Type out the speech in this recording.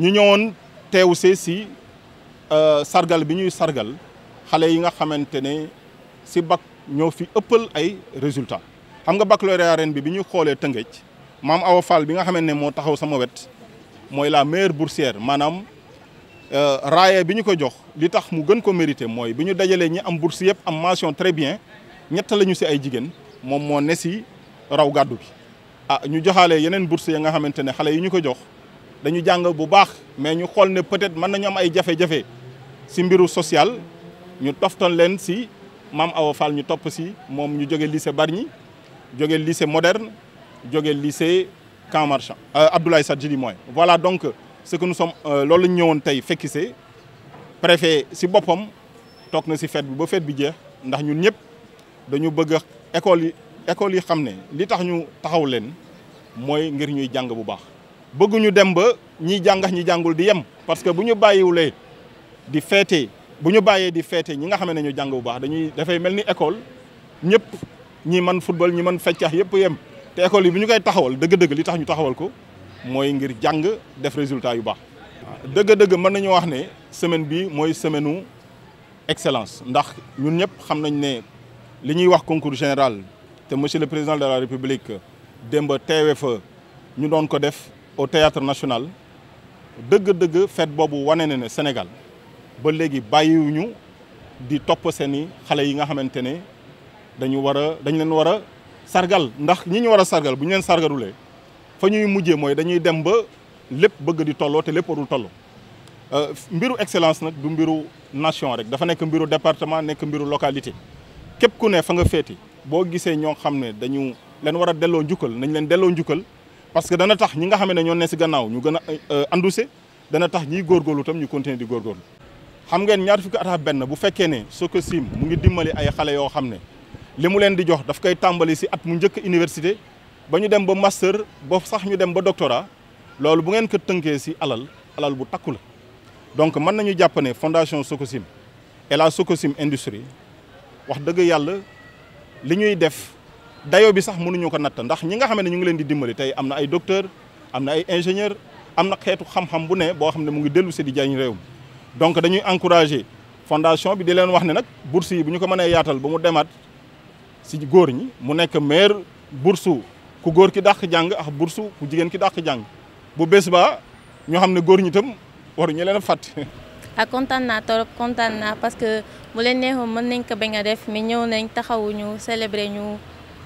ñu ñëwoon teew see euh, sargal bi ñuy sargal xalé yi nga xamantene ci bac ñoo fi ëppal ay résultat xam nga baccalauréat ren bi bi ñu xoolee tëngëj Awa Fall bi nga xamantene ne taxaw sama wet moy la meilleure boursière maanaam euh, raaye bi ñu ko jox li tax mu gën ko mérité moy bi ñu ñi am bourse yépp am mention très bien ñett lañu ci ay jigen mom mo ne raw gaddu bi ah ñu joxalé yenen bourse yi ya nga xamantene xalé yi ñu ko jox dañu jàng bu baax mais ñu xool ne peut-être mën nañu am ay jafe-jafe si mbiru social ñu toftal leen si maam Awa Fall ñu topp si moom ñu jóge lycée Bargny jóge lycée moderne jóge lycée Camp Marchand euh, Abdoulaye Sadji di mooy voilà donc ce que nous sommes euh, loolu ñëwoon tey fekki see préfet si boppam toog na si fête bi ba fête bi jeex ndax ñun ñëpp dañu bëgg école yi école yi xam ne li tax ñu taxaw leen mooy ngir ñuy jàng bu baax bëgguñu dem ba ñi jàngax ñi jàngul di yem parce que bu ñu bàyyiwulee di feete bu ñu bàyyee di feete ñi nga xam ne ñu jàng bu baax dañuy dafay mel ni école ñëpp ñi mën football ñi mën feccax yëpp yem te école yi bu ñu koy taxawal dëgg-dëgg li tax ñu taxawal ko mooy ngir jàng def résultat yu baax. dëgg-dëgg mën nañu wax ne semaine bi mooy semaine u excellence ndax ñun ñëpp xam nañ ne li ñuy wax concours général te monsieur le président de la république démb teewe fa ñu doon ko def. au théâtre national deug deug fête bobu wané né Sénégal ba bayi wuñu di top seni xalé yi nga dañu wara dañ leen wara sargal ndax ñi ñu wara sargal bu ñu leen sargarulee fa ñuy mujjé moy dañuy dem ba lepp bëgg di tolloo te lépp warul euh mbiru excellence nak du mbiru nation rek dafa nek mbiru département nek mbiru localité kep ku ne fa nga fété bo gisé ño xamné dañu leen wara delo delloo nañ leen delo njukkal parce que dana tax ñi nga xam ne ñoo ne si gannaaw ñu gën a euh, anduse dana tax ñiy góorgóorlu tam ñu continuer di góorgóorlu xam ngeen ñaar fukki at ak benn bu fekkee ne Sococim mu ngi dimbali ay xale yoo xam ne li mu leen di jox daf koy tàmbali si at mu njëkk université ba ñu dem ba master ba sax ñu dem ba doctorat loolu bu ngeen ko tënkee si alal alal bu takku la donc mën nañu jàpp ne fondation Sococim et la Sococim industrie wax dëgg yàlla li ñuy def. dayo bi sax mënuñu ko natt ndax ñi nga xam ne ñu ngi leen di dimbali tey am na ay docteur am na ay ingénieur am na xeetu xam-xam bu ne boo xam ne mu ngi dellu si di jariñ réew mi donc dañuy encourager fondation bi di leen wax ne nag bourse yi bu ñu ko mënee yaatal ba mu demaat si góor ñi mu nekk meilleure bourse ku góor ki dàq jàng ak bourse ku jigéen ki dàq jàng bu bés ba ñoo xam ne góor ñi itam ñu leen a fàtte. ah kontaan naa trop kontaan naa parce que bu leen neexoon mën nañ ko bañ a def mais ñëw nañ taxawuñu célébrer ñu.